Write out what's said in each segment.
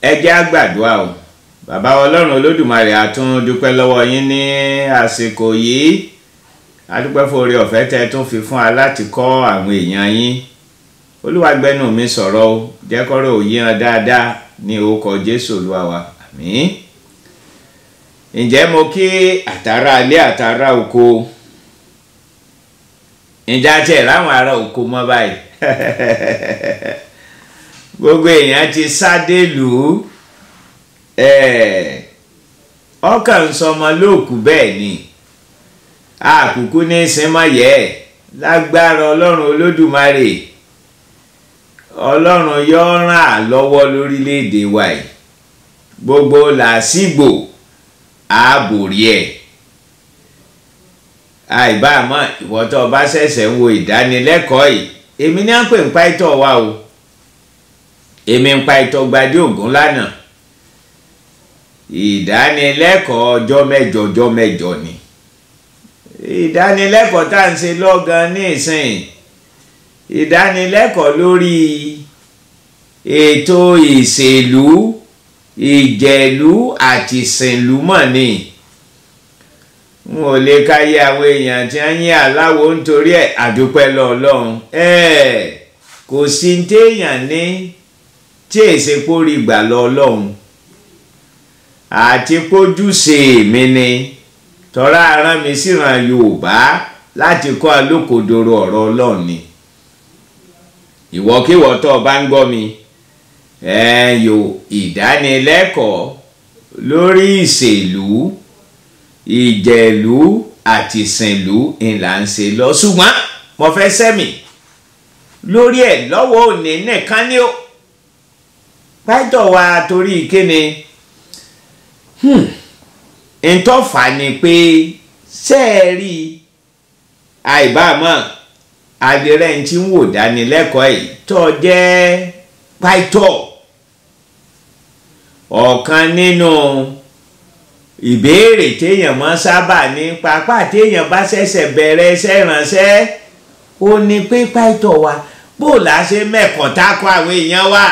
ẹ jẹ́ á gbàdúrà o bàbá ọlọ́run olódùmarè a tún dúpẹ́ lọ́wọ́ yín ní àsìkò yìí a dúpẹ́ fún oore ọ̀fẹ́ tẹ́ tún fi fún wa láti kọ́ àwọn èèyàn yín olúwa gbẹ́nu mi sọ̀rọ̀ o jẹ́ kọ́rọ̀ òyìnbó dáadáa ní orúkọ jésù olúwa wa ǹjẹ́ mo kí àtàrà ilé àtàrà oko ǹjẹ́ àti ẹ̀ láwọn ará oko mọ́ báyìí gbogbo èèyàn ti sáde lù ú ọkàn sọmọ lóòkù bẹ́ẹ̀ ni àkùkù ní sinmọ́yẹ́ lágbára ọlọ́run olódùmarè ọlọ́run yóò ràn á lọ́wọ́ lórílẹ̀‐èdè wa yìí gbogbo làásìgbò ààbòrí ẹ̀ àìbámọ̀ ìwọ́tọ̀ bá ṣẹ̀ṣẹ̀ ń wo ìdánilẹ́kọ̀ọ́ yìí èmi ní à ń pè ń pa ìtọ̀ wa o èmi ń pa ìtọ́gbadé ògùn lánàá ìdánilẹ́kọ̀ọ́ ọjọ́ mẹ́jọ ọjọ́ mẹ́jọ ni ìdánilẹ́kọ̀ọ́ tá à ń ṣe lọ́gán nísìn ìdánilẹ́kọ̀ọ́ lórí ètò ìṣèlú ìjẹ̀lú àti ìsìnlú mọ̀ ni n ò lè káyé àwọn èèyàn tí wọ́n yín aláwo nítorí ẹ̀ àdúpẹ́ lọ́ọ́ ọlọ́run ẹ̀ kò sí téèyàn ní. Eh, tí èsè pórí gbà lọ ọlọ́run àti pójúṣe mi ni tọ́ra aràn mi síran yorùbá láti kọ́ alókòdoro ọ̀rọ̀ ọlọ́run ni ìwọ́kíwọ́ tó o bá ń gbọ́ mi ẹ̀ẹ́yò ìdánilẹ́kọ̀ọ́ lórí ìṣèlú ìjẹ̀lú àti ìsìnlú ńlá ń ṣe lọ ṣùgbọ́n mo fẹ́ sẹ́mi lórí ẹ̀ lọ́wọ́ òní nìkan ni ó pásítọ̀ wa torí kíni hmm. ntọ́fà ni pé sẹ́ẹ̀rí àìbámọ̀ àdìrẹ́ ti ń wò dánilẹ́kọ̀ọ́ yìí tó jẹ́ pásítọ̀ ọ̀kan nínú ìbéèrè téèyàn mọ́ sábà ní pápá téèyàn bá ṣẹ̀ṣẹ̀ bẹ̀rẹ̀ iṣẹ́ ìránṣẹ́ ó ní pé pásítọ̀ wa bó la ṣe mẹ́kọ̀ọ́ tá a kọ àwọn èèyàn wa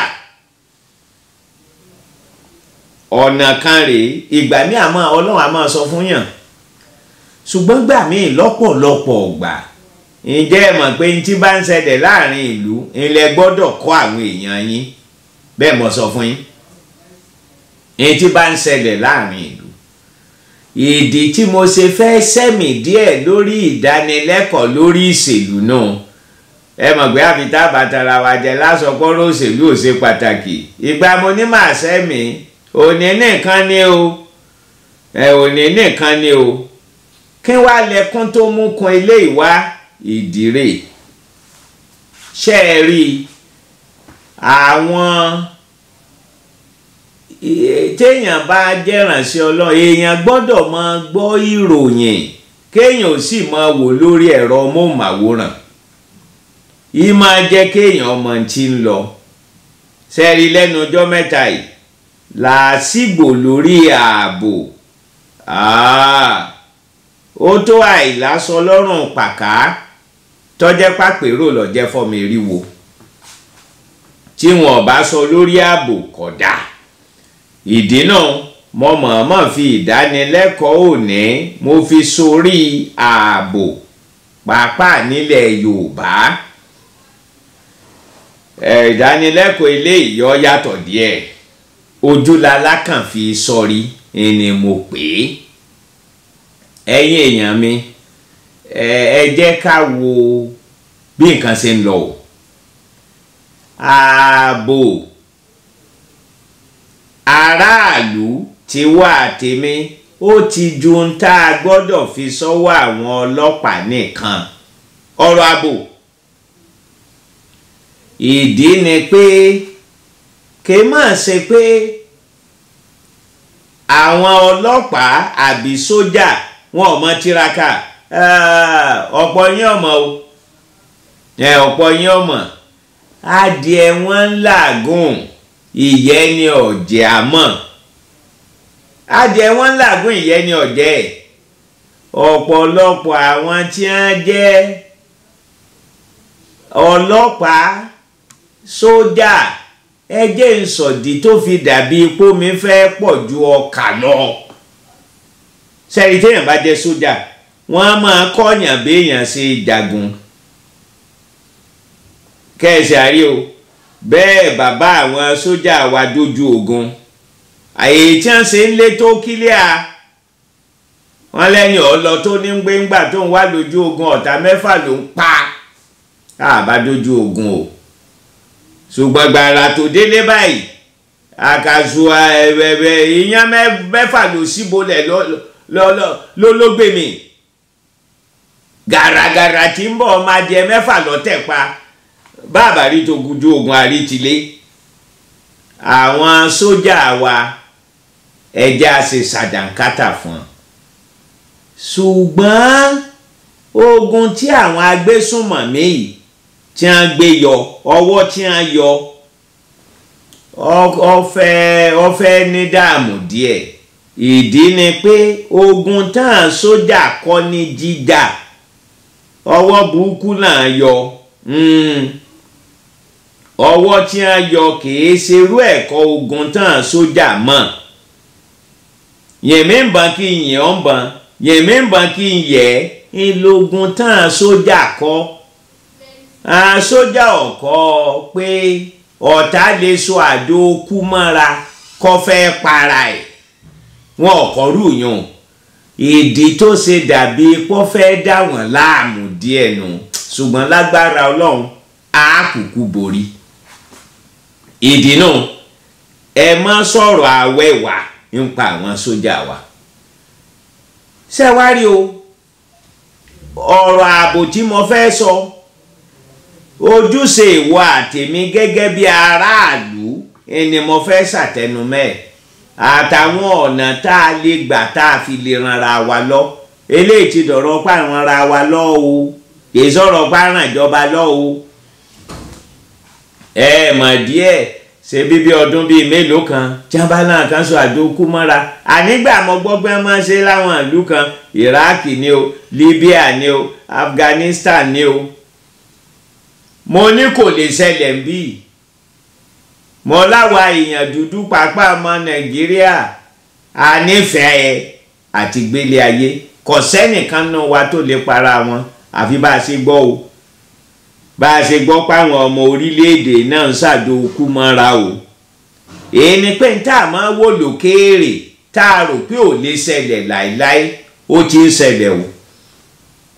ọ̀nà kan rèé ìgbà míì àmọ́ ọlọ́run àmọ́ sọ fún yàn ṣùgbọ́n gbà míì lọ́pọ̀lọpọ̀ ọ̀gbà ǹjẹ́ ẹ mọ̀ pé tí bá ń ṣẹlẹ̀ láàrin ìlú ilẹ̀ gbọ́dọ̀ kọ́ àwọn èèyàn yín bẹ́ẹ̀ mo sọ fún yín ní tí bá ń ṣẹlẹ̀ láàrin ìlú ìdí tí mo ṣe fẹ́ sẹ́mì díẹ̀ lórí ìdánilẹ́kọ̀ọ́ lórí ìṣèlú náà ẹ mọ̀ pé àfitá bàtàrà wàjẹ́ lásọpọ̀rọ̀ òṣèlú ò pàtàkì ìgbà mo ní màá sẹ́mì òní nìkan ni o ẹ òní nìkan ni o kí wá lẹkún tó mú kun ilé ìwá ìdírè ṣe é rí àwọn téèyàn bá jẹ́ránṣẹ́ ọlọ́run èèyàn gbọ́dọ̀ máa gbọ́ ìròyìn kéèyàn ò sì máa wò lórí ẹ̀rọ móhùnmáwòrán yìí máa jẹ́ kéèyàn ọmọ tí ń lọ sẹ́ẹ̀rí lẹ́nu ọjọ́ mẹ́ta yìí làásìgbò lórí ààbò ah. ó tó àìlásọ lọ́rùn pàká tọ́jẹ́ pàpérò lọ́jẹ́ fọ́mi ríwo tí wọn bá sọ lórí ààbò kódà ìdí náà mo mọ̀ọ́mọ̀ fi ìdánilẹ́kọ̀ọ́ òní mo fi sórí ààbò pàápàá nílẹ̀ Yorùbá ìdánilẹ́kọ̀ọ́ eléyìí ó yàtọ̀ díẹ̀ ojúlalá kàn fi sọrí ni mo pè é ẹ̀yin èèyàn mi ẹ jẹ́ ká wo bí nǹkan ṣe ń lọ o ààbò aráàlú ti wá tèmi ó ti ju ohun tá a gbọ́dọ̀ fi sọ́wọ́ àwọn ọlọ́pàá nìkan ọ̀rọ̀ ààbò ìdí ni pé kèémọ̀ ṣe pé àwọn ọlọ́pàá àbí sójà wọn ò mọ tiraka eh, ọ̀pọ̀ yín ọmọ o eh, ọ̀pọ̀ yín ọmọ adìẹ wọn ń làágùn ìyẹ́ ni ọ̀jẹ̀ àmọ́ adìẹ wọn ń làágùn ìyẹ́ ni ọ̀jẹ̀ ọ̀pọ̀lọpọ̀ àwọn tí wọ́n jẹ́ ọlọ́pàá sójà. So ẹ jẹ́ ìsọ̀dí tó fi dàbí pómi fẹ́ pọ̀ ju ọkà lọ sẹ́yìn téèyàn bá jẹ́ sójà wọ́n á máa kọ́yàn béèyàn ṣe jagun kẹ́ẹ̀sì àrí o bẹ́ẹ̀ bàbá àwọn sójà wa dojú ogun àyè tí wọ́n ṣe ń lé tó kílíà wọ́n lẹ́yìn ọlọ tó ní gbéńgbà tó ń wá lójú ogun ọ̀tá mẹ́fà ló ń pa àbá dojú ogun o. Ah, ṣùgbọ́n gbàrà tó délé báyìí àkàzù ẹ̀rẹ̀rẹ̀ ìyẹn mẹ́fà ló síbolẹ̀ lólógbè mi gàràgàrà tí ń bọ̀ máa jẹ mẹ́fà lọ́tẹ̀ pa bàbá rí tó gujú ogun àrítilé àwọn sójà wa ẹja ṣe ṣàdànkátà fún ṣùgbọ́n ogun tí àwọn agbésùnmọ̀mí yìí tí a gbé yọ ọwọ́ tí a yọ ọfẹ́ ni pé ogun tán sójà kọ́ ní jíjà ọwọ́ burúkú yọ hmm. ọwọ́ tí a yọ kìí ogun tán sójà mọ́ yẹ̀mí ń bàn kí n yẹ̀ yẹ̀mí kí sójà ọ̀kọ́ pé ọ̀tá lè so àdó kú mọ́ra kọ́ fẹ́ para ẹ̀ wọn ọ̀kọ́ rúyàn èdè tó ṣe dàbí pọ́ fẹ́ dà wọ́n láàmú díẹ̀ nù ṣùgbọ́n lágbára ọlọ́run á kúkú borí èdè náà ẹ má sọ̀rọ̀ àwẹ̀wà nípa àwọn sójà wa ṣẹ́wárí o ọ̀rọ̀ ààbò tí mo fẹ́ sọ. So, ojúṣe ìwọ àtèmi gẹ́gẹ́ bí aráàlú ni mo fẹ́ ṣàtẹnumẹ́ àtàwọn ọ̀nà tá a lè gbà tá a fi lè ranra wa lọ eléyìí ti dọ̀rọ̀ pa ìranra wa lọ o kìí sọ̀rọ̀ pa ìrànjọba lọ o ẹ mọ̀ díẹ̀ ṣe bíbí ọdún bíi mélòó kan jábálà kan sọ àdókù mọ́ra ànígbà mo gbọ́gbẹ́ máa ṣe láwọn ìlú kan Iraq ni o Libya ni o Afghanistan ni o mo ní kò lè ṣẹlẹ̀ ń bí mo láwa èèyàn dúdú pápá ọmọ nàìjíríà a nífẹ̀ẹ́ àti gbélé ayé kò sẹ́nìkan náà wa tó lè para wọn àfi bá a ṣe gbọ́ o bá a ṣe gbọ́ páwọn ọmọ orílẹ̀-èdè náà ń ṣàdókú mọ́ra o èyí ni pé tá a máa wò lókèèrè tá a rò pé ò lè ṣẹlẹ̀ láéláé ó ti ń ṣẹlẹ̀ o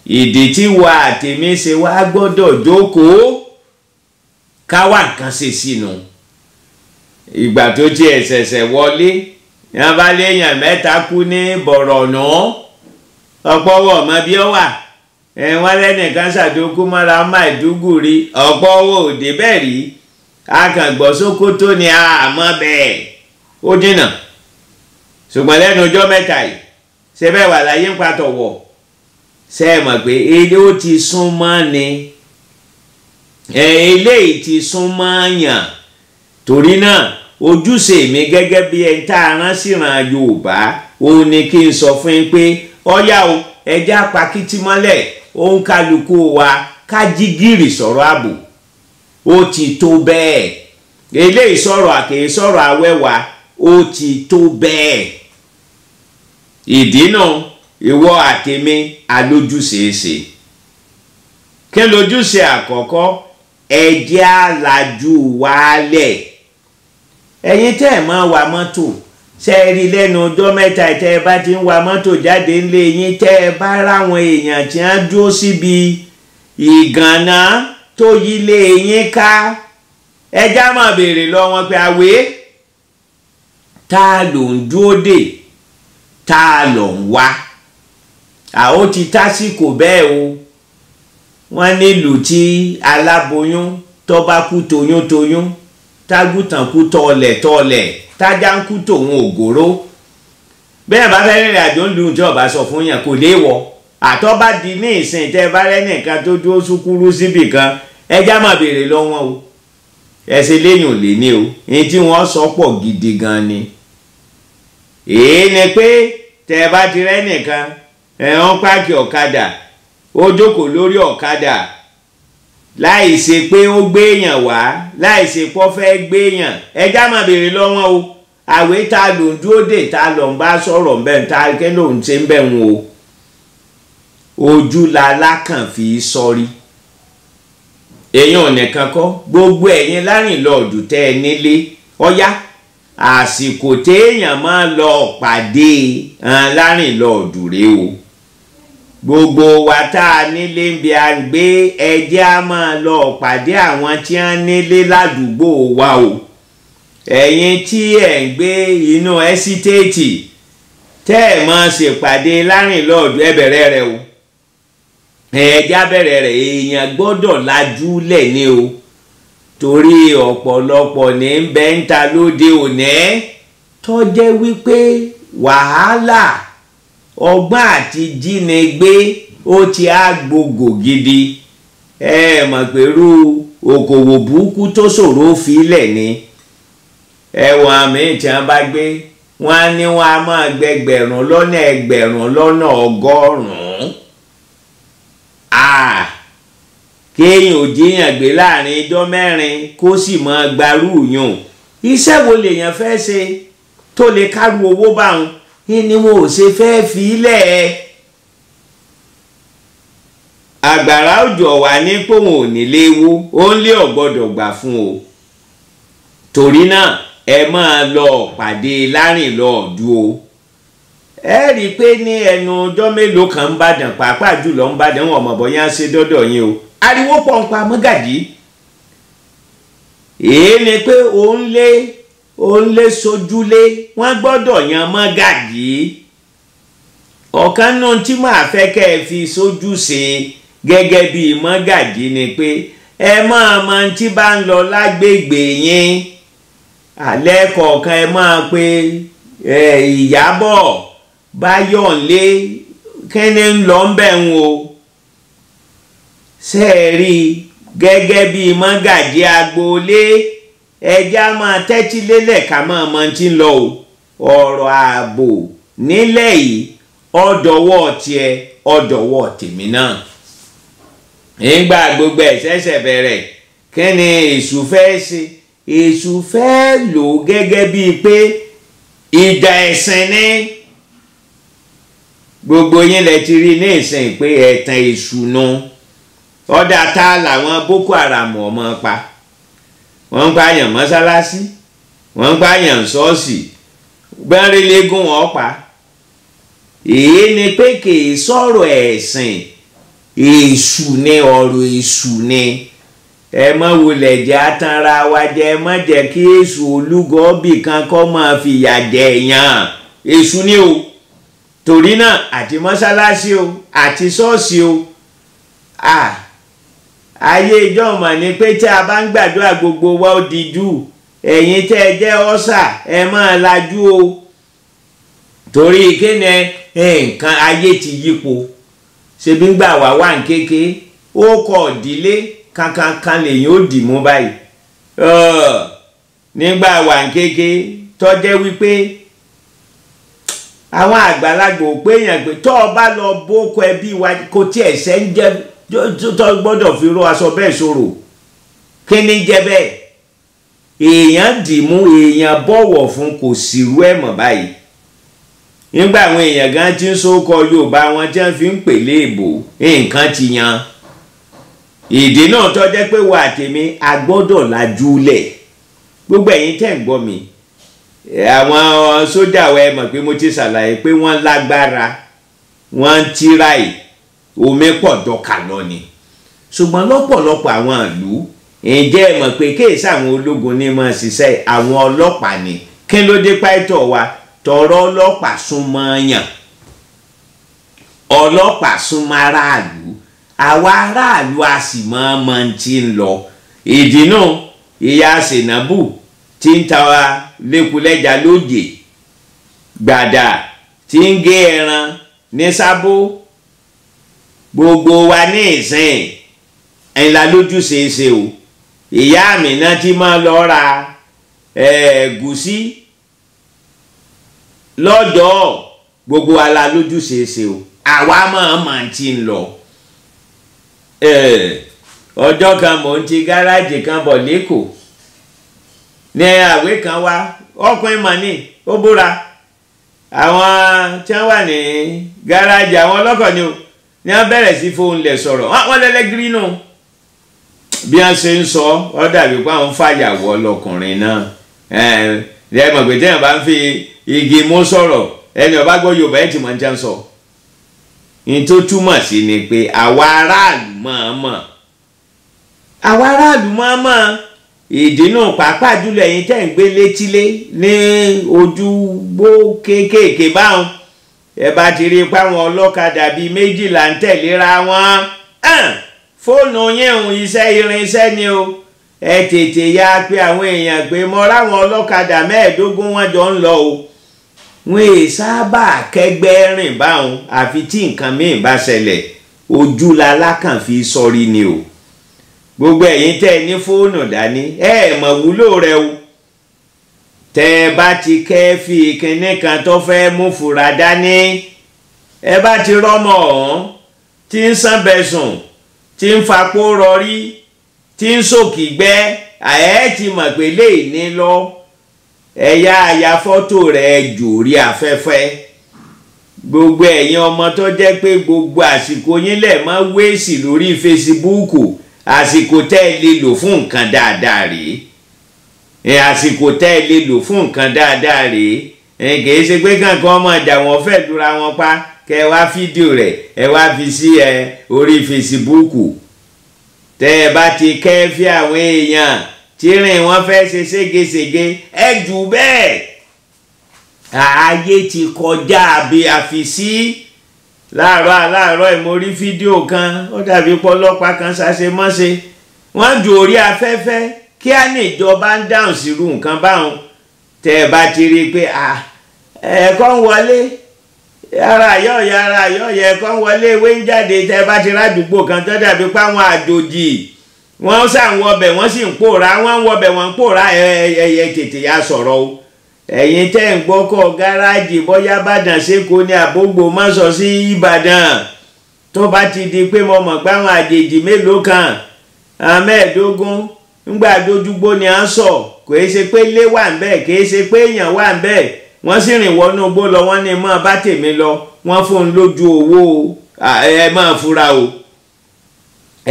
ìdí tí wa àtèmi ṣe wá gbọ́dọ̀ jókòó ká wá nǹkan ṣe sínú ìgbà tó tiẹ̀ ṣẹ̀ṣẹ̀ wọlé yẹn bá léèyàn mẹ́ta kú ní bọ̀rọ̀nù ọ̀pọ̀ wọ̀ mọ́ bí ó wà wọ́n lẹ́nìkan ṣàdókú mọ́ra Maiduguri ọ̀pọ̀ wò ó débẹ̀ rí akàngbọ̀ Sókótó ni àmọ́ bẹ́ẹ̀ ó dínà ṣùgbọ́n lẹ́nu ọjọ́ mẹ́ta yìí ṣe bẹ́ẹ̀ wà láyé ń patọ̀ wọ̀ ṣe é mọ̀ pé ilé ó ti sún mọ́ ni eléyìí ti sún mọ́ yàn torí náà ojúṣe mi gẹ́gẹ́ bí ẹni tá a rán síran Yorùbá òun ni kí n sọ fún yín pé ọ̀yá o ẹja pakítí mọ́lẹ̀ òun kálukú wa ká jí gìrì sọ̀rọ̀ ààbò ó ti tó bẹ́ẹ̀ eléyìí sọ̀rọ̀ àkèé sọ̀rọ̀ awẹ́wà ó ti tó bẹ́ẹ̀ ìdí náà ìwọ àtẹ̀mí alójúṣeéṣe kí lójúṣe àkọ́kọ́ ẹ̀jẹ̀ alájú wálẹ̀ ẹ̀yin tẹ́ ẹ̀ máa wa mọ́tò ṣe é rí lẹ́nu ọjọ́ mẹ́ta tẹ́ ẹ bá ti ń wa mọ́tò jáde ńlẹ̀ yín tẹ́ ẹ bá ráwọn èèyàn tí wọ́n dúró síbi ìgànná tó yí lé yín ká ẹjá máa béèrè lọ wọn pé àwé tá a lò ń dúró dè tá a lò ń wá àó ti tásìkò bẹ́ẹ̀ o wọ́n nílùú tí aláboyún tó bá kú toyún toyún tágùtàn kú tọ̀ọ̀lẹ̀ tọ̀ọ̀lẹ̀ tájá ń kú tòun ògóró bẹ́ẹ̀ bá fẹ́ rìnrìn àjò ń lu ìjọba sọ fún yàn kò léèwọ̀ àtọ́ bá di ní ìsìn tẹ́ bá rẹ́ nìkan tó dúró súkúrú síbì kan ẹjá máa béèrè lọ́wọ́n o ẹsẹ̀ lẹ́yìn ò lè ní o ní tí wọ́n sọ pọ̀ gidi gan ni èyí ni pé tẹ́ bá ti rẹ́ nìkan ẹ̀ wọ́n páàkì ọ̀kadà ó jókòó lórí ọ̀kadà láì ṣe pé ó gbéèyàn wá láì ṣe pọ́ fẹ́ gbéèyàn ẹja máa béèrè lọ́wọ́ o àwé ta ló ń dúró dè ta lọ ń bá sọ̀rọ̀ ń bẹ́ẹ̀ ta kẹ́ ló ń ṣe ń bẹ̀ wọn o ojú la lákàn fi sọrí èèyàn nìkan kọ́ gbogbo ẹ̀yin lárìnlọ́ọ̀dù tẹ́ ẹ nílé ọ̀yá àsìkò téèyàn máa lọ pàdé lárìnlọ́ọ̀dù rèé o gbogbo wa tá a nílé ń bi àgbé ẹjẹ́ a máa lọ pàdé àwọn tí wọ́n nílé ládùúgbò wa o ẹ̀yin tí ẹ̀ ń gbé inú ẹ́sítéètì tẹ́ ẹ̀ máa ṣèpàdé lárìnlọ́ọ̀dún ẹ bẹ̀rẹ̀ rẹ o ẹ̀ẹ́dá bẹ̀rẹ̀ rẹ̀ èèyàn gbọ́dọ̀ lajú ni o torí ọ̀pọ̀lọpọ̀ ní ń lóde òní tó wípé wàhálà ọgbọ́n àti jínigbé ó ti á gbogbo gidi ẹ mọ̀ pẹ̀lú okòwò burúkú tó ṣòro fi lẹ̀ ni ẹ̀wọ̀n àmì tí wọ́n bá gbé wọ́n á ní wọ́n á máa gbẹgbẹ̀rún lọ́nà ẹgbẹ̀rún lọ́nà ọgọ́rùn-ún kéèyàn ò jiyàn gbé láàrin ijọ́ mẹ́rin kó sì máa gbarú yùn iṣẹ́ wo lèèyàn fẹ́ ṣe tó lè kárú owó báwọn ni wọn ò ṣe fẹ́ fi lẹ̀ ẹ́ àgbàrá òjò wà ní pòun ò nílé wó ó ń lé ọ̀gbọ́dọ̀ gbà fún o torí náà ẹ máa lọ pàdé Lárìnlọ́ọ̀dù o ẹ rí i pé ní ẹnu ọjọ́ mélòó kan ń bàdàn pàápàá jùlọ ń bàdàn wọn ọmọ bọ́yá ṣe dọ́dọ̀ yín o ariwo pọ̀ ń pa mọ́gàdí èé ni pé òun lé òun lé sojúlé wọn gbọ́dọ̀ yan mọ́gàjì ọ̀kan náà tí màá fẹ́ kẹ́ ẹ fi sójú ṣe gẹ́gẹ́ bí mọ́gàjì ni pé ẹ máa mọ tí bá ń lọ lágbègbè yín alẹ́ kọ̀ọ̀kan ẹ máa pe ìyábọ̀ báyọ̀nlé kíni ń lọ ń bẹ̀ ń o ṣe é rí gẹ́gẹ́ bí mọ́gàjì agboolé. ẹjẹ́ a máa tẹ́tí lélẹ̀ ká máa mọ tí ń lọ o ọ̀rọ̀ ààbò nílẹ̀ yìí ọ̀dọ̀wọ́ tiẹ̀ ọ̀dọ̀wọ́ tèmi náà nígbà gbogbo ẹ̀ bẹ̀rẹ̀ kí ni èṣù fẹ́ ṣe èṣù fẹ́ lò gẹ́gẹ́ bíi pé ìdá ẹ̀sìn ni gbogbo yín lẹ ti rí ní ìsìn pé ẹ̀tàn èṣù nu ọ̀dà ta làwọn Boko Haram ọmọ pa wọ́n ń pààyàn mọ́sálásí wọ́n ń pààyàn ṣọ́ọ̀ṣì gbẹ́rin lẹ́gùn wọn pa èyí ni pé kìí sọ̀rọ̀ ẹ̀sìn èṣù ni ọ̀rọ̀ èṣù ni ẹ mọ̀ wulẹ̀ jẹ́ atanra wa jẹ́ ẹ mọ̀ jẹ́ kí èṣù olúgọ́bì kan kọ́ máa fìyà jẹ èèyàn èṣù ni o torí náà àti mọ́sálásí o àti ṣọ́ọ̀ṣì o ah ayé ìjọ́un mọ̀ ni pé tí a bá ń gbàdúrà gbogbo wa ó dijú ẹ̀yin tẹ́ ẹ jẹ́ ọ́sà ẹ máa lajú o torí kíni nǹkan ayé ti yípo ṣebí ń gbà wá wà ń kéke ó kọ ìdílé kankankan lèyìn ó dì mú báyìí nígbà wà ń kéke tọ́jẹ́ wípé àwọn àgbàlagbà ò péyàn pé tọ́ ọ bá lọ bókọ ẹbí wa kò tiẹ̀ ṣẹ́ ń jẹ́ tó gbọ́dọ̀ fi ró aṣọ bẹ́ẹ̀ ṣòro kí ni jẹ́ bẹ́ẹ̀ èèyàn dìímú èèyàn bọ̀wọ̀ fún kò sírú ẹ̀ mọ̀ báyìí nígbà àwọn èèyàn gan ti ń sókọ Yorùbá wọn tí wọ́n fi ń pèlè ìbò nǹkan ti yan ìdí náà tó jẹ́ pé wà àtẹ̀mí a lajú lẹ̀ gbogbo ẹ̀yin tẹ̀ ń gbọ́ mi àwọn sójà wa ẹ mọ̀ pé mo ti ṣàlàyé pé wọ́n lágbára wọ́n ń tíráì omi pọ̀ dọ́kà lọ ni ṣùgbọ́n lọ́pọ̀lọpọ̀ àwọn ìlú ǹjẹ́ ẹ mọ̀ pé kéèsì àwọn ológun ní máa ṣiṣẹ́ àwọn ọlọ́pàá ni kí ló dé pàìtọ̀ wa tọrọ ọlọ́pàá súnmọ́ yàn ọlọ́pàá súnmọ́ aráàlú àwa aráàlú a sì máa mọ ti ń lọ ìdí náà ìyá sènàbù tí ń ta wa lẹ́kulẹ́jà lóde gbàdà tí ń gé ẹran ní sábó gbogbo wa ní ìsìn ẹ̀yìn la lójúṣe o ìyá mi náà ti máa lọ ra ẹ̀gúsí lọ́dọ̀ gbogbo wa la lójúṣe ṣe o àwa máa máa ti ń lọ ọjọ́ kan mò ń ti gáràjì kan bọ̀ lẹ́kọ̀ọ́ ní àwé kan wá ọkùnrin mọ̀nì ó búra àwọn tí wọ́n wà ní gáràjì àwọn ọlọ́kọ̀ ni o. ní wọ́n bẹ̀rẹ̀ sí fóun lẹ̀ sọ̀rọ̀ ah, wọ́n lẹ́lẹ́gírí nù bí wọ́n ṣe ń sọ ọ́ dàbí pé àwọn fàyàwọ́ lọkùnrin náà ẹ mọ̀ pé téèyàn bá ń fi igi mú sọ̀rọ̀ ẹni ọba gbọ́ Yorùbá ẹ̀ tì mọ̀ ń jẹ́ ń sọ ní tó túmọ̀ sí ni pé àwa aráàlú máa mọ̀ àwa aráàlú máa mọ̀ ìdínà pàápàá jùlọ ẹ̀yin tẹ́ ń gbé létílé ní ojúgbó kéékèèké báwọn ẹ bá ti rí i páwọn ọlọ́kadà bíi méjìlá ń tẹ̀léra wọn fóònù yín òun iṣẹ́ irinṣẹ́ ni o ẹ tètè ya pé àwọn èèyàn pé mo ráwọn ọlọ́kadà mẹ́ẹ̀ẹ́dógún wọn jọ ń lọ o wọn è sábà kẹgbẹ́ rìn báwọn àfi tí nǹkan míì bá ṣẹlẹ̀ ojú la lákàn fi sọrí ni o gbogbo ẹ̀yin tẹ́ ẹ ní fóònù dání ẹ ẹ̀ mọ̀ wúlò rẹ o tẹ́ ẹ bá ti kẹ́ fi ìkíní kan tó fẹ́ mú fura dání ẹ bá ti rọ́mọ ọ̀hún tí ń sanbẹ̀sùn tí ń fapó rọrí tí ń sòkì gbẹ́ àyẹ́ ti mọ̀ pé léyìí ní lọ ẹ̀yà àyà fọ́tò rẹ̀ jòrí afẹ́fẹ́ gbogbo ẹ̀yin ọmọ tó jẹ́ pé gbogbo àsìkò yín lẹ̀ mọ́ wéèsì lórí fesibúùkù àsìkò tẹ́ ẹ lè lò fún nǹkan dáadáa rèé àsìkò tẹ́ ẹ lè lò fún nǹkan dáadáa rèé kìí ṣe pé kankan ọmọ ìjà wọn fẹ́ lura wọn pa kẹ ẹ wá fídíò rẹ̀ ẹ wá fi sí ẹ orí fesibúùkù tẹ́ ẹ bá ti kẹ́fí àwọn èèyàn tí rìn wọ́n fẹ́ ṣe ségesège ẹ jù bẹ́ẹ̀ ààyè ti kọjá àbí àfisí láàárọ̀ aláàárọ̀ ìmórí fídíò kan ó dàbí pọlọ́pàá kan ṣàṣemọ́ṣe wọ́n ju orí afẹ́fẹ́ kí á ní ìjọba ń dáhùn sírú nǹkan báwọn tẹ́ ẹ bá ti rí i pé ẹ̀kọ́ ń wọlé yàrá àyọ̀yà ara àyọ̀yà ẹ̀kọ́ ń wọlé ewé ń jáde tẹ́ ẹ bá ti rádùúgbò kan tó dàbí páwọn àjòjì wọ́n sà ń wọbẹ̀ wọ́n sì ń pòórá wọ́n ń wọbẹ̀ wọ́n ń pòórá ẹ̀yẹ tètè ya sọ̀rọ̀ o ẹ̀yin tẹ́ ń gbọ́kọ̀ gáràjì bóyá bàdàn séko ní àbógbò mọ́sọ̀ sí ìbàdàn tó bá ti di pé mo mọ̀ pé àwọn àjèjì mélòó kan mẹ́ẹ̀ẹ́dógún ńgbà dojúgbó ni à sọ kò é ṣe pé ilé wà ń bẹ́ẹ̀ kì ṣe pé èèyàn wà ń bẹ́ẹ̀ sì rìn wọnú igbó lọ wọ́n ní mọ́ bá tèmi lọ wọ́n fún un lójú owó ẹ máa fura o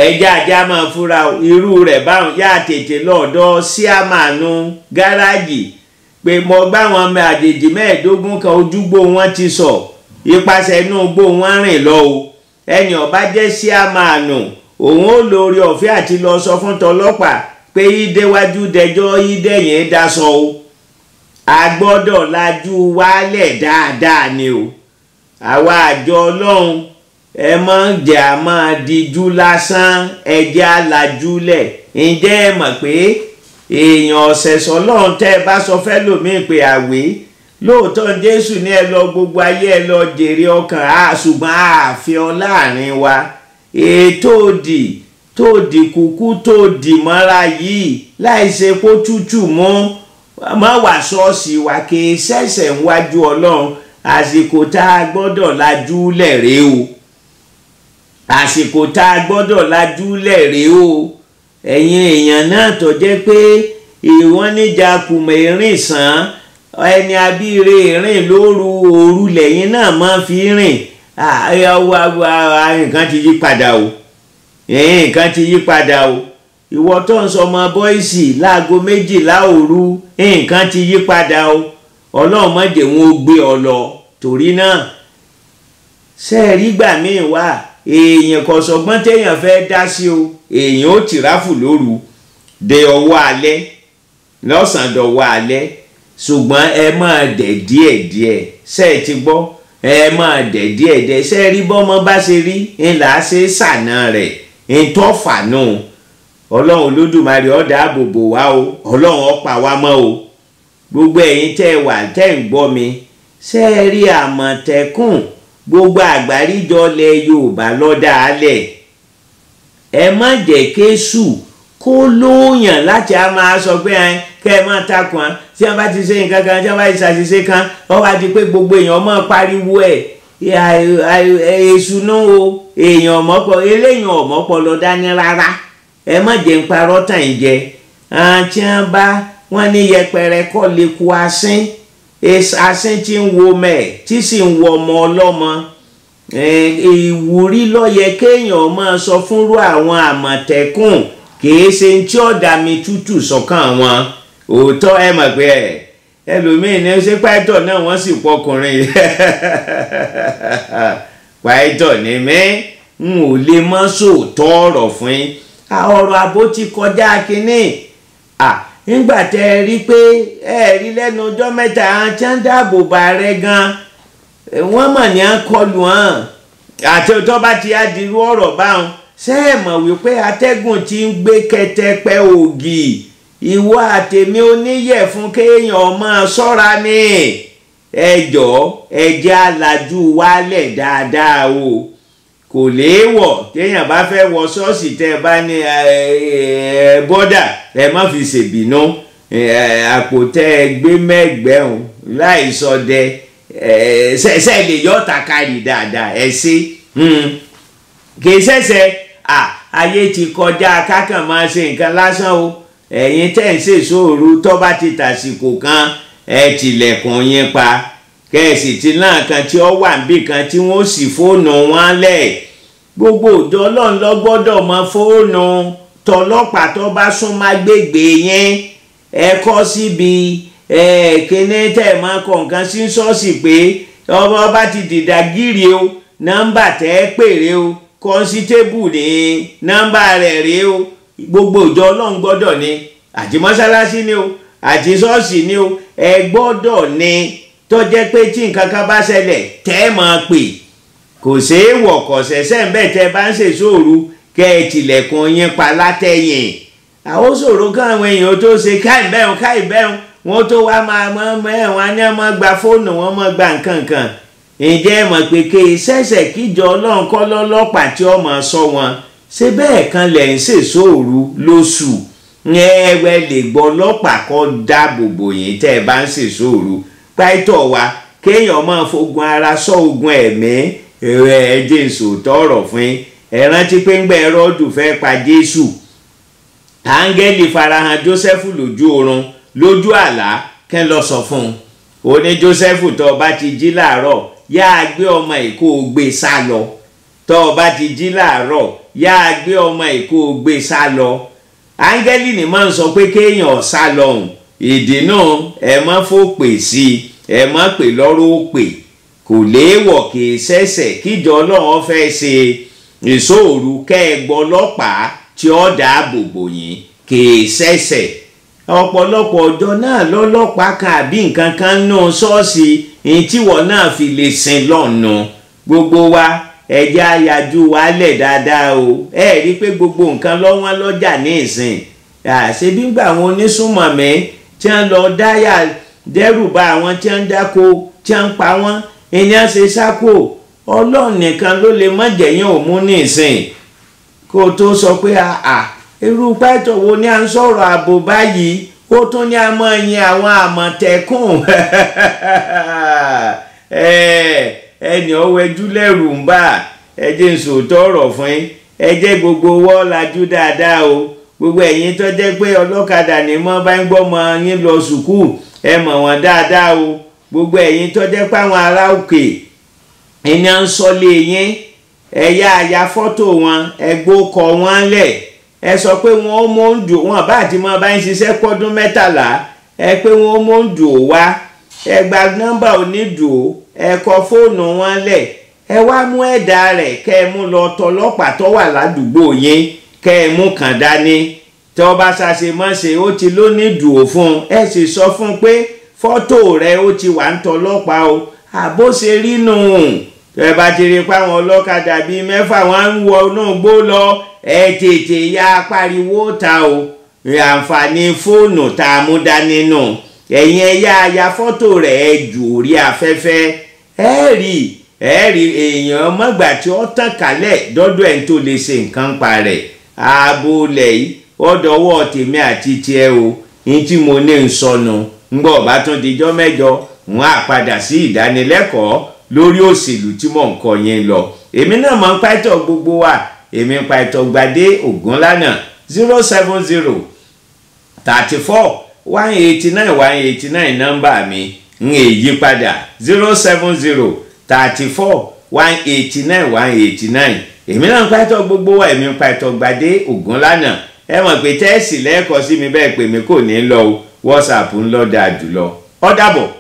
ẹjẹ́ ajá máa fura o irú rẹ̀ báwọn yá tètè lọ́ọ̀dọ́ sí àmàánú gáràjì pé mo gbá wọn àjèjì mẹ́ẹ̀ẹ́dógún kan ojúgbó wọn ti sọ ipasẹ̀ inú igbó wọn rìn lọ o ẹni ọba jẹ́ sí àmàánú òun ó lórí ọ̀fẹ́ àti lọ sọ fún tọlọ́pàá pé ìdẹ́wájú dẹjọ́ ìdẹ́yìn daṣọ o a lajú wálẹ̀ dáadáa ni o àwa àjọ ọlọ́run ẹ mọ̀ jẹ́ a máa dijú lásán ẹjẹ́ alájúlẹ̀ ǹjẹ́ ẹ mọ̀ pé èèyàn ọ̀sẹ̀sọ̀ ọlọ́run tẹ́ ẹ bá sọ fẹ́ lòmíì pé àwé lóòótọ́ jésù ní ẹ lọ gbogbo ayé ẹ lọ jèrè ọkàn á ṣùgbọ́n ààfin ọ láàrin wa ètò òdì. E tó di kúkú tó di mọ́ra yìí láì ṣe kó tútù mú má wà ṣọ́ọ̀ṣì wà kí ṣẹ̀ṣẹ̀ ń wájú ọlọ́run àsìkò tá a gbọ́dọ̀ lajú lẹ̀rẹ́ o àsìkò tá a gbọ́dọ̀ lajú lẹ̀rẹ́ o ẹ̀yin èèyàn náà tó jẹ́ pé ìwọ́n níjà kùmọ̀ ìrìn sàn ẹni abíire ìrìn lóru òru lẹ́yìn náà máa fi rìn nǹkan ti yí padà o ẹ̀yìn nǹkan ti yí padà o ìwọ tó ń sọmọ bọ́ìsì láago méjìlá òru nǹkan ti yí padà o ọlọ́run má jẹ́ wọn ó gbé ọ lọ torí náà sẹ́ẹ̀rí gbà míì wá èèyàn kò sọgbọ́n téèyàn fẹ́ dá sí o èèyàn ó tìráfù lóru de ọwọ́ alẹ́ lọ́sàn-án dọ̀wọ́ alẹ́ ṣùgbọ́n ẹ máa dẹ̀ díẹ̀díẹ̀ sẹ́ẹ̀ ti gbọ́ ẹ máa dẹ̀ díẹ̀díẹ̀ sẹ́ẹ̀ rí bọ́mọ bá ṣe rí ńlá ṣe sànà rẹ̀ ntọ́fà náà ọlọ́run olódùmarè ó dáàbò bò o ọlọ́run ó pa wá mọ́ o gbogbo ẹ̀yin tẹ́ ẹ wà tẹ́ ń gbọ́ mi ṣé ẹ rí àmọ̀tẹ́kùn gbogbo àgbáríjọ lẹ yorùbá lọ́dà alẹ̀ ẹ má jẹ́ kéṣù kó lóòyàn láti á máa sọ pé ẹ kẹ́ ẹ máa takùn án tí wọ́n bá ti ṣe nǹkan kan tí wọ́n bá ti ṣàṣìṣe kan wọ́n bá ti pé gbogbo èèyàn máa pariwo ẹ̀ èṣùnú o èèyàn ọ̀mọ́pọ̀ eléyàn ọ̀mọ́pọ̀ lọ dání rárá ẹ má jẹ́ ń parọ́ tàn jẹ wọn bá wọn ní yẹpẹrẹ kọ́ lè ku asín asín tí ń wo mẹ́ tí sì ń wọ ọmọ ọlọ́mọ kéèyàn máa sọ fúnrú àwọn àmọ̀tẹ́kùn kì í ṣe ń tí wọn òótọ́ ẹ mọ̀ ẹlòmíín ní ṣé pàìtọ̀ náà wọ́n sì pọkùnrin pàìtọ̀ ni mí n ò lè mọ́ sòótọ́ ọ̀rọ̀ fún yín ọ̀rọ̀ àbó ti kọjá kínní nígbà tẹ ẹ rí pé ẹ rí lẹ́nu ọjọ́ mẹ́ta àti ń dáàbò bá rẹ gan wọ́n mọ̀ ní à ń kọlù hàn àti ọjọ́ bá ti á di ọ̀rọ̀ báwọn ṣé ẹ mọ̀ wípé atẹ́gùn ti ń gbé kẹtẹpẹ ògì ìwọ àtẹ̀mí oníyẹ̀fun kéèyàn máa ṣọ́ra ni ẹ jọ̀ọ́ ẹ jẹ́ alájú wálẹ̀ dáadáa o kò léèwọ̀ téèyàn bá fẹ́ wọ ṣọ́ọ̀ṣì tẹ́ ẹ bá ní bọ́dà ẹ má fi ṣèbínú àpò tẹ́ ẹ gbé mẹ́gbẹ̀rún láì sọdẹ ṣẹṣẹ lè yọ ọ̀tà kárì dáadáa ẹ ṣe hmm. kì í ṣẹ̀ṣẹ̀ ayé ti kọjá kákan máa ṣe nǹkan lásán o. ẹ̀yin tẹ́ ń ṣèṣòro tó bá ti tàsìkò kan ẹ̀ tilẹ̀kùn yín pa kẹ́ẹ̀sì tí náà kan tí ó wà níbì kan tí wọ́n sì fóònù wọn lẹ̀ gbogbo òjò ọlọ́run lọ gbọ́dọ̀ mọ fóònù tọlọ́pàá tó bá súnmọ́ yẹn ẹ kọ́ síbi ẹ kíní tẹ̀ mọ́ kọ̀ọ̀kan sí ṣọ́ọ̀ṣì pé ọmọ bá ti dìdà gírí o nọ́mbà tẹ́ ẹ pèrè o kọ́nsítébù ní nọ́mbà rẹ̀ rèé o. gbogbo ìjọ ọlọ́run gbọ́dọ̀ ni àti mọ́ṣáláṣí ni o àti ṣọ́ọ̀ṣì ni o ẹ gbọ́dọ̀ ni tó pé tí nǹkan kan bá ṣẹlẹ̀ tẹ́ ẹ máa pè kò ṣeé wọ̀ kọ̀ ṣẹ̀ṣẹ̀ ń bẹ̀ tẹ́ bá ń ṣèṣòro kẹ́ ẹ tilẹ̀kùn yín pa látẹ̀yìn àwọn ṣòro kan àwọn èèyàn tó ṣe káì bẹ́hùn káì bẹ́hùn wọ́n tó wá máa mọ́ ẹ̀wọ̀n á ní ọmọ gba fóònù wọn mọ́ gba nǹkan kan ǹjẹ́ mọ̀ pé kí ṣẹ̀ṣẹ̀ kíjọ ọlọ́run kọ́ lọ́lọ́pàá tí ọmọ ṣé bẹ́ẹ̀ kan lẹ̀ ń ṣèṣọ́ òru lóṣù ẹ̀ẹ́wẹ́ lè gbọ́ ọlọ́pàá kọ́ dáàbò bò yín tẹ́ ẹ bá ń ṣèṣọ́ òru pàìtọ́ wa kéèyàn máa fogun ara sọ ogun ẹ̀mí ẹ̀ jésù tọrọ fún yín ẹ rántí pé ńgbà ẹrọ́dù fẹ́ pa jésù áńgẹ́lì farahàn jósẹ́fù lójú oorun lójú àlá kẹ́ lọ sọ fún un ó ní jósẹ́fù tó o bá ti jí láàárọ̀ yáa gbé ọmọ ẹ̀ kó o gbé sá lọ tó o bá ti jí láàárọ̀ yá gbé ọmọ ẹ̀ gbé sá lọ áńgẹ́lì ni máa ń sọ pé kéèyàn sá lọ́hùn ìdí náà ẹ má fòpè sí i ẹ má pè lọ́rọ̀ òpè kò léèwọ̀ kì í ṣẹ̀ṣẹ̀ kíjọ ọlọ́run fẹ́ ṣe ìṣòro kẹ́ẹ̀gbọ́ ọlọ́pàá tí ó dáàbò bò yín kì í ṣẹ̀ṣẹ̀ ọ̀pọ̀lọpọ̀ ọjọ́ náà lọ́lọ́pàá kan àbí nǹkan kan náà ṣọ́ọ̀ṣì ní náà fi lè sin lọ́nà gbogbo wa ẹ̀já yájú wálẹ̀ dáadáa o ẹ rí i pé gbogbo nǹkan lọ́wọ́n lọ́jà ní ìsìn àṣebí ń gba àwọn onísùnmọ̀mí tí wọ́n lọ dáyà dẹ́rù bà àwọn tí wọ́n ń dáko tí wọ́n ń pa wọ́n èèyàn ṣe sáko ọlọ́run nìkan ló lè má jẹ̀yìn òmú ní ìsìn kó o tó sọ pé àà irú pẹ́tọ̀ wo ni à ń sọ̀rọ̀ ààbò báyìí ó tún ní a máa yin àwọn àmọ̀tẹ́kùn ẹ̀ẹ́. ẹni ọwọ́ ẹjú lẹ́rù ń bà ẹ jẹ́ n fún yín ẹ gbogbo wọ́ lajú dáadáa o gbogbo ẹyin tó jẹ pé ọlọ́kadà ní mọ́ bá ń gbọ́mọ yín lọ ẹ gbogbo tó pé àwọn ará òkè iná ń sọlé wọn ẹ wọn lẹ̀ ẹ wọn ó mọ wọn bá àti bá ń ṣiṣẹ́ pọ́dún wọn ó mọ ń dùn wá ẹ ẹ kọ fóònù wọn lẹ̀ ẹ wá mú ẹ̀dà rẹ̀ kẹ́ ẹ mú lọ tọlọ́pàá tó wà ládùúgbò yín kẹ́ ẹ mú kàn dání tí ọba ṣàṣemọ́ṣe ó ti ló ní dùò fún un ẹ sì sọ fún un pé fọ́tò rẹ̀ ó ti wà ń tọlọ́pàá o àbó ṣe rí nù ẹ bá ti rí i pé ọlọ́kadà bíi mẹ́fà wọn ń wọ inú gbó lọ ẹ tètè ya pariwo ta o àǹfààní fóònù tá a mú dání nù ẹ̀yin ẹ yá ya fọ́tò rẹ̀ ẹ jù orí afẹ́fẹ́ ẹ èèyàn mọ́gbà tí ó tàn kálẹ̀ dọ́dọ̀ ẹ̀ tó lè ṣe nǹkan pa rẹ̀ ààbò lẹ̀ yìí ọ̀dọ̀wọ́ tèmi àti tiẹ̀ o ní mo ní ń sọnù bá tún dijọ́ wọn á padà sí ìdánilẹ́kọ̀ọ́ lórí òṣèlú tí mò ń lọ èmi náà mọ̀ pàtó gbogbo wa èmi pàtó gbadé ń èyí padà zero seven zero thirty four one eighty nine one eighty nine èmi náà ń pàtó gbogbo wa èmi ń pàtó gbadé ògùn lánàá ẹ mọ̀ pé tẹ́ẹ̀sì lẹ́ẹ̀kọ́ sí mi bẹ́ẹ̀ pé mi kò ní lọ o whatsapp ń lọ dáa jùlọ ó dàbọ̀.